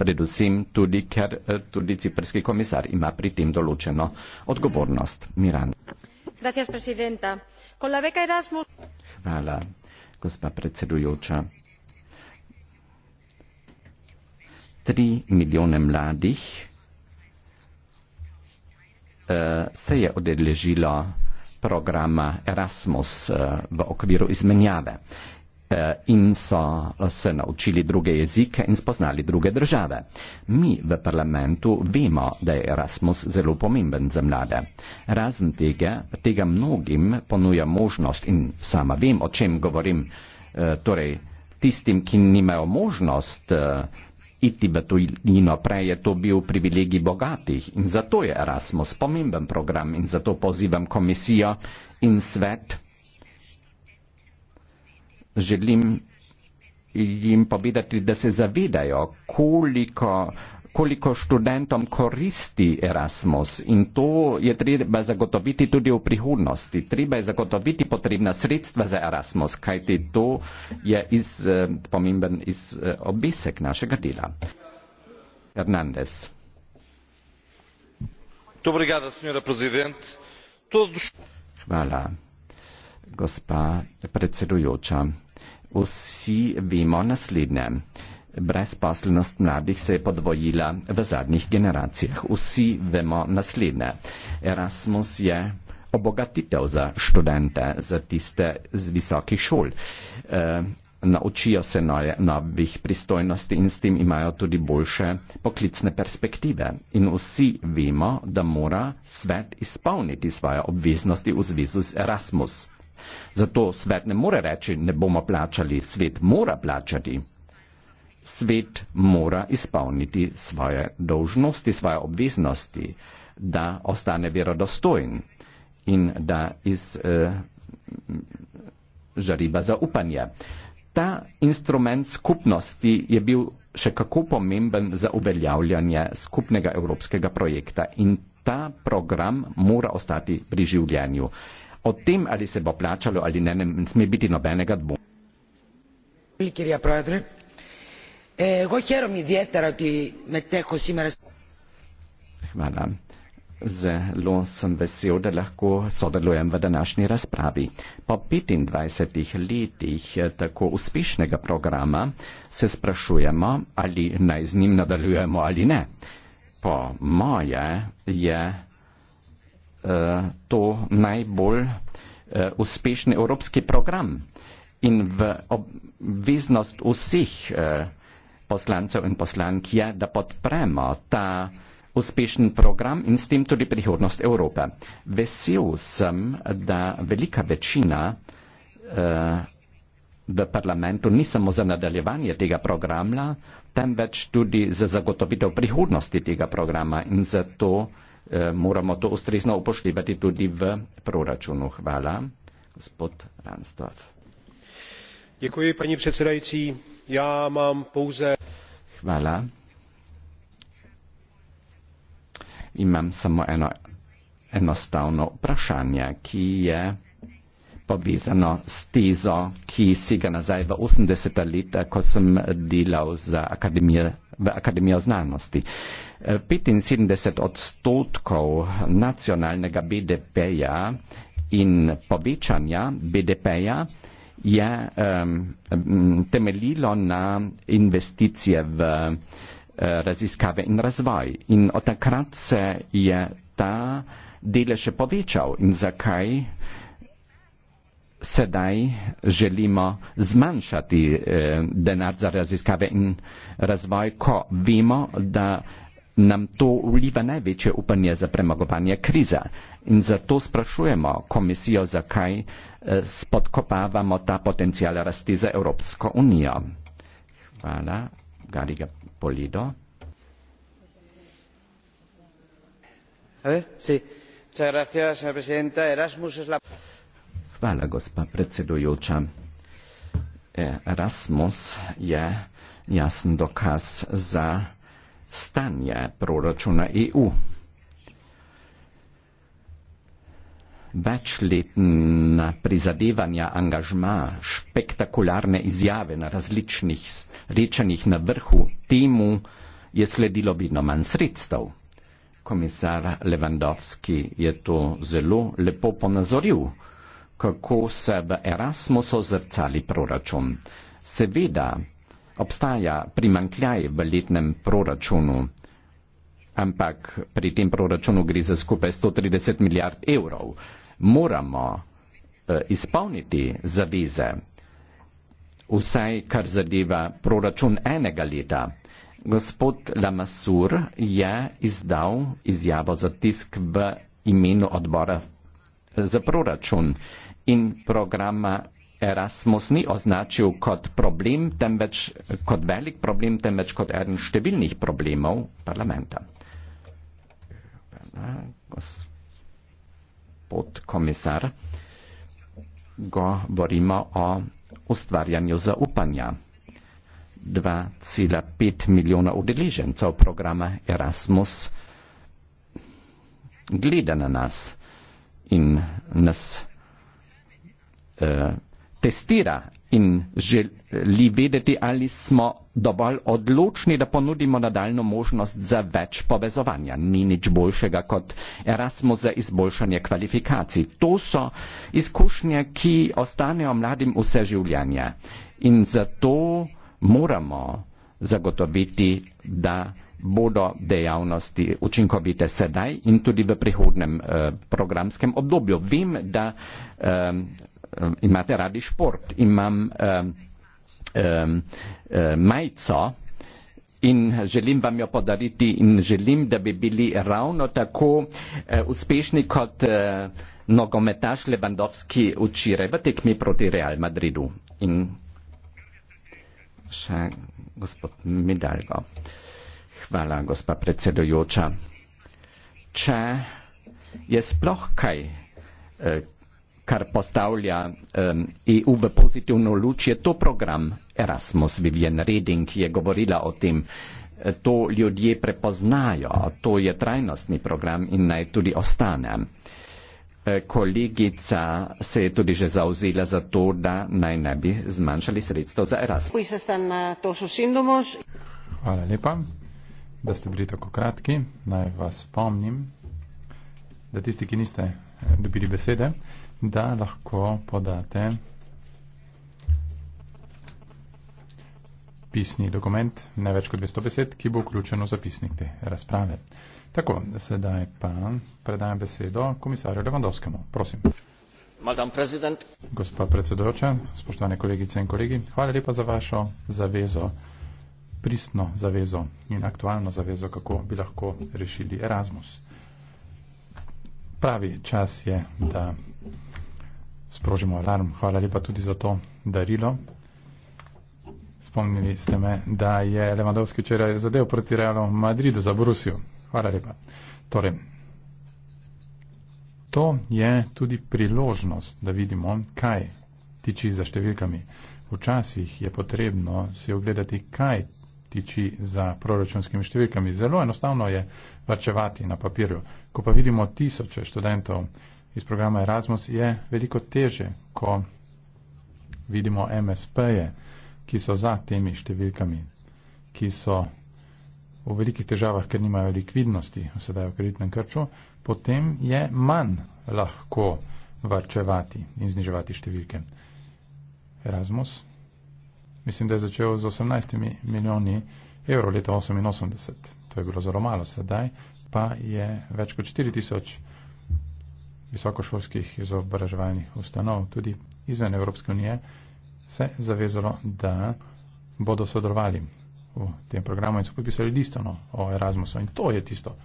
Predvsem tudi, ker eh, tudi ciprski komisar ima pri tem določeno odgovornost. Miran. Hvala, gospa predsedujoča. tri milijone mladih eh, se je odeležilo programa Erasmus eh, v okviru izmenjave eh, in so se naučili druge jezike in spoznali druge države. Mi v parlamentu vemo, da je Erasmus zelo pomemben za mlade. Razen tega, tega mnogim ponuja možnost in sama vem, o čem govorim, torej tistim, ki nimajo možnost iti Betulino. Prej je to bil privilegij bogatih in zato je Erasmus pomemben program in zato pozivam komisijo in svet. Želim jim povedati, da se zavedajo, koliko koliko študentom koristi Erasmus in to je treba zagotoviti tudi v prihodnosti. Treba je zagotoviti potrebna sredstva za Erasmus, kajti to je iz, eh, pomemben iz, eh, obisek našega dela. Hernandez. Obrigado, to... Hvala, gospa predsedujoča. Vsi vemo naslednje. Brezposelnost mladih se je podvojila v zadnjih generacijah. Vsi vemo naslednje. Erasmus je obogatitev za študente, za tiste z visokih šol. E, naučijo se noje, novih pristojnosti in s tem imajo tudi boljše poklicne perspektive. In vsi vemo, da mora svet izpolniti svoje obveznosti v zvezi z Erasmus. Zato svet ne more reči, ne bomo plačali, svet mora plačati svet mora izpolniti svoje dolžnosti, svoje obveznosti, da ostane verodostojen in da iz eh, žariba zaupanje. Ta instrument skupnosti je bil še kako pomemben za uveljavljanje skupnega evropskega projekta in ta program mora ostati pri življenju. O tem, ali se bo plačalo ali ne, ne sme biti nobenega dvoma. Likirja Predrag. Εγώ χαίρομαι ιδιαίτερα ότι μετέχω σήμερα. Voilà. Zelo sem vesel, da lahko sodelujem v današnji razpravi. Po 25 letih eh, tako uspešnega programa se sprašujemo, ali naj z njim nadaljujemo ali ne. Po moje je uh, to najbolj uh, uspešni evropski program in v obveznost vseh. Uh, poslancev in poslank je, da podpremo ta uspešen program in s tem tudi prihodnost Evrope. Vesel sem, da velika večina uh, v parlamentu ni samo za nadaljevanje tega programa, temveč tudi za zagotovitev prihodnosti tega programa in zato uh, moramo to ustrezno upoštevati tudi v proračunu. Hvala, gospod Ransdorf. Děkuji, paní předsedající ja imam polze. Hvala. Imam samo eno enostavno vprašanje, ki je povezano s tezo, ki si ga nazaj v 80. leta, ko sem delal za akademijo, v Akademijo znanosti. 75 odstotkov nacionalnega BDP-ja in povečanja BDP-ja je um, temeljilo na investicije v eh, raziskave in razvoj. In od takrat se je ta delež še povečal in zakaj sedaj želimo zmanjšati eh, denar za raziskave in razvoj, ko vemo, da nam to vliva največje upanje za premagovanje krize. In zato sprašujemo komisijo, zakaj eh, spodkopavamo ta potencijal rasti za Evropsko unijo. Hvala, Galiga Polido. Hvala, gospa predsedujoča. Eh, Erasmus je jasen dokaz za stanje proračuna EU. večletna prizadevanja, angažma, spektakularne izjave na različnih rečenjih na vrhu, temu je sledilo vedno manj sredstev. Komisar Levandovski je to zelo lepo ponazoril, kako se v Erasmusu zrcali proračun. Seveda obstaja primankljaj v letnem proračunu, ampak pri tem proračunu gre za skupaj 130 milijard evrov moramo eh, izpolniti zavize, vsaj kar zadeva proračun enega leta. Gospod Lamasur je izdal izjavo za tisk v imenu odbora eh, za proračun in programa Erasmus ni označil kot problem, temveč kot velik problem, temveč kot eden številnih problemov parlamenta. Gospod gospod komisar, govorimo o ustvarjanju zaupanja. 2,5 milijona udeležencev programa Erasmus gleda na nas in nas eh, testira in želi vedeti, ali smo dovolj odločni, da ponudimo nadaljno možnost za več povezovanja. Ni nič boljšega kot Erasmus za izboljšanje kvalifikacij. To so izkušnje, ki ostanejo mladim vse življenje. In zato moramo zagotoviti, da bodo dejavnosti učinkovite sedaj in tudi v prihodnem eh, programskem obdobju. Vem, da eh, eh imate radi šport, imam eh, eh, eh majco in želim vam jo podariti in želim, da bi bili ravno tako eh, uspešni kot eh, nogometaš Lewandowski včeraj v tekmi proti Real Madridu. In še gospod Midalgo. Hvala, gospa predsedujoča. Če je sploh kaj, eh, kar postavlja EU eh, e v pozitivno luč, je to program Erasmus Vivien Reding, ki je govorila o tem, eh, to ljudje prepoznajo, to je trajnostni program in naj tudi ostane. Kolegica se je tudi že zauzela za to, da naj ne bi zmanjšali sredstvo za Erasmus. Hvala lepa da ste bili tako kratki. Naj vas spomnim, da tisti, ki niste eh, dobili besede, da lahko podate pisni dokument, ne več kot 200 besed, ki bo vključen v zapisnik te razprave. Tako, sedaj pa predajam besedo komisarju Levandovskemu. Prosim. Madam president. Gospa predsedujoča, spoštovane kolegice in kolegi, hvala lepa za vašo zavezo pristno zavezo in aktualno zavezo, kako bi lahko rešili Erasmus. Pravi čas je, da sprožimo alarm. Hvala lepa tudi za to darilo. Spomnili ste me, da je Levandovski včeraj zadev proti Realu Madridu za Borusijo. Hvala lepa. Torej, to je tudi priložnost, da vidimo, kaj tiči za številkami. Včasih je potrebno si ogledati, kaj tiči za proračunskimi številkami. Zelo enostavno je varčevati na papirju. Ko pa vidimo tisoče študentov iz programa Erasmus, je veliko teže, ko vidimo MSP-je, ki so za temi številkami, ki so v velikih težavah, ker nimajo likvidnosti, sedaj v kreditnem krču, potem je manj lahko varčevati in zniževati številke. Erasmus mislim, da je začel z 18 milijoni evrov leta 1988. To je bilo zelo malo sedaj, pa je več kot 4 tisoč visokošolskih izobraževalnih ustanov tudi izven Evropske unije se zavezalo, da bodo sodelovali v tem programu in so podpisali listono o Erasmusu. In to je tisto,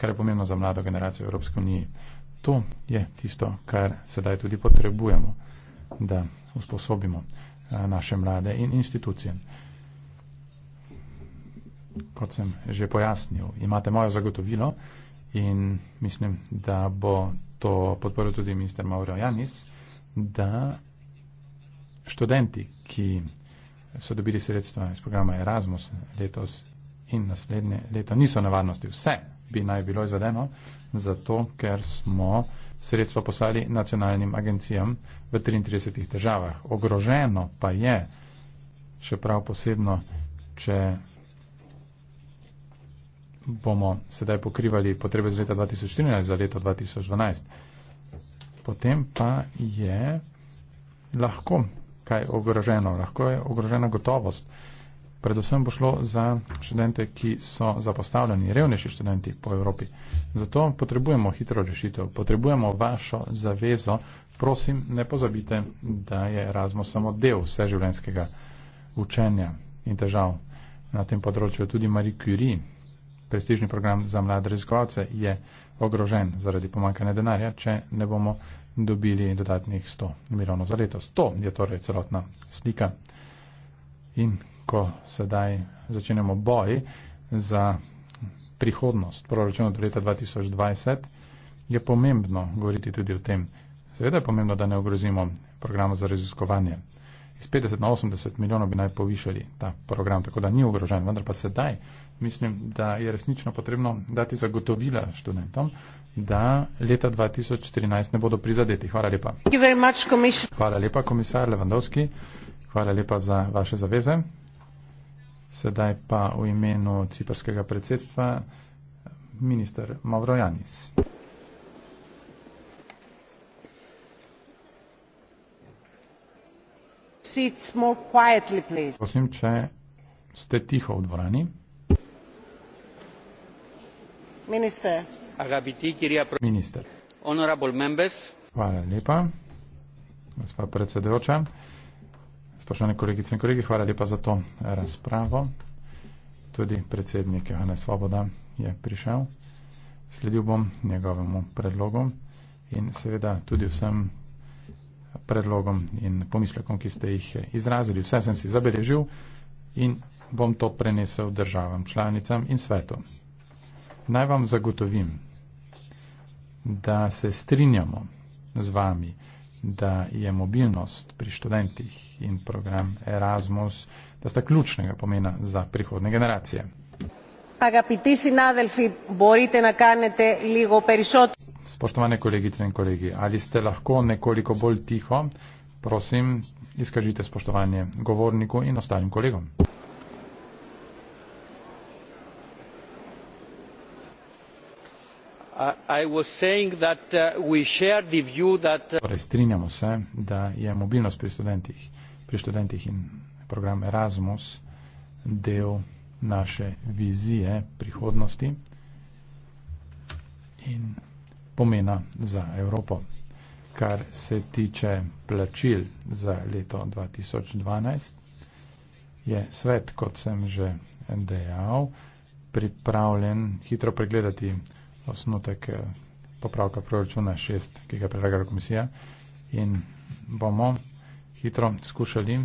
kar je pomembno za mlado generacijo Evropske unije. To je tisto, kar sedaj tudi potrebujemo, da usposobimo. Eh, naše mlade in institucije. Kot sem že pojasnil, imate moje zagotovilo in mislim, da bo to podporil tudi minister Mauro Janis, da študenti, ki so dobili sredstva iz programa Erasmus letos in naslednje leto, niso na varnosti vse, bi naj bilo izvedeno, zato ker smo sredstva poslali nacionalnim agencijam v 33 državah. Ogroženo pa je, še prav posebno, če bomo sedaj pokrivali potrebe z leta 2014 za leto 2012. Potem pa je lahko kaj ogroženo. Lahko je ogrožena gotovost predvsem bo šlo za študente, ki so zapostavljeni, revnejši študenti po Evropi. Zato potrebujemo hitro rešitev, potrebujemo vašo zavezo. Prosim, ne pozabite, da je Erasmus samo del vseživljenjskega učenja in težav na tem področju. Tudi Marie Curie, prestižni program za mlade raziskovalce, je ogrožen zaradi pomankanja denarja, če ne bomo dobili dodatnih 100 milijonov za leto. 100 je torej celotna slika. In ko sedaj začenjamo boj za prihodnost proračuna do leta 2020, je pomembno govoriti tudi o tem. Seveda je pomembno, da ne ogrozimo programa za raziskovanje. Iz 50 na 80 milijonov bi naj povišali ta program, tako da ni ogrožen. Vendar pa sedaj mislim, da je resnično potrebno dati zagotovila študentom, da leta 2013 ne bodo prizadeti. Hvala lepa. Hvala lepa, komisar Levandovski. Hvala lepa za vaše zaveze. Sedaj pa v imenu ciperskega predsedstva minister Mavrojanis. Prosim, če ste tiho v dvorani. Minister. Hvala lepa, gospa predsedujoča. Spoštovane kolegice in kolegi, hvala lepa za to eh, razpravo. Tudi predsednik Johane Svoboda je prišel. Sledil bom njegovemu predlogu in seveda tudi vsem predlogom in pomislekom, ki ste jih eh, izrazili. Vse sem si zabeležil in bom to prenesel državam, članicam in svetu. Naj vam zagotovim, da se strinjamo z vami, da je mobilnost pri študentih in program Erasmus, da sta ključnega pomena za prihodne generacije. Agapiti sinadelfi, borite na kanete ligo perišot. Spoštovane kolegice in kolegi, ali ste lahko nekoliko bolj tiho? Prosim, izkažite spoštovanje govorniku in ostalim kolegom. i was saying that uh, we share the view that uh, torej strinjamo se da je mobilnost pri študentih pri študentih in program Erasmus del naše vizije prihodnosti in pomena za Evropo. Kar se tiče plačil za leto 2012, je svet, kot sem že dejal, pripravljen hitro pregledati osnotek eh, popravka proračuna 6, ki ga predlagala komisija. In bomo hitro skušali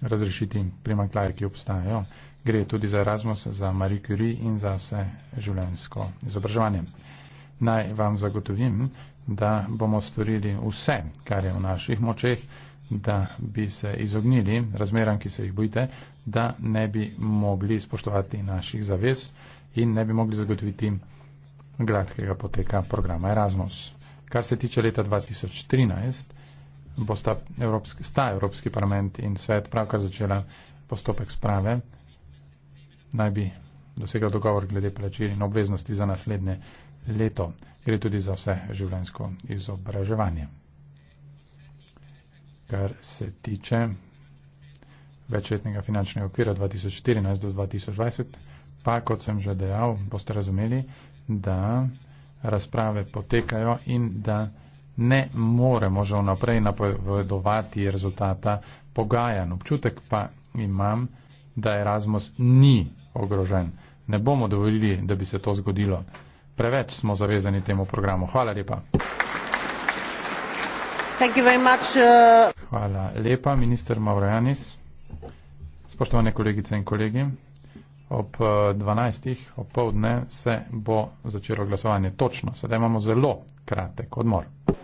razrešiti primanklaje, ki obstajajo. Gre tudi za Erasmus, za Marie Curie in za vse življenjsko izobraževanje. Naj vam zagotovim, da bomo storili vse, kar je v naših močeh, da bi se izognili razmeram, ki se jih bojite, da ne bi mogli spoštovati naših zavez in ne bi mogli zagotoviti gradkega poteka programa Erasmus. Kar se tiče leta 2013, bo sta Evropski, sta Evropski parlament in svet pravkar začela postopek sprave, naj bi dosegel dogovor glede plačil in obveznosti za naslednje leto. Gre tudi za vse življensko izobraževanje. Kar se tiče večletnega finančnega okvira 2014 do 2020, Pa, kot sem že dejal, boste razumeli, da razprave potekajo in da ne moremo že vnaprej napovedovati rezultata pogajan. Občutek pa imam, da Erasmus ni ogrožen. Ne bomo dovolili, da bi se to zgodilo. Preveč smo zavezani temu programu. Hvala lepa. Uh, Hvala lepa, minister Maurojanis. Spoštovane kolegice in kolegi ob 12. ob povdne se bo začelo glasovanje. Točno, sedaj imamo zelo kratek odmor.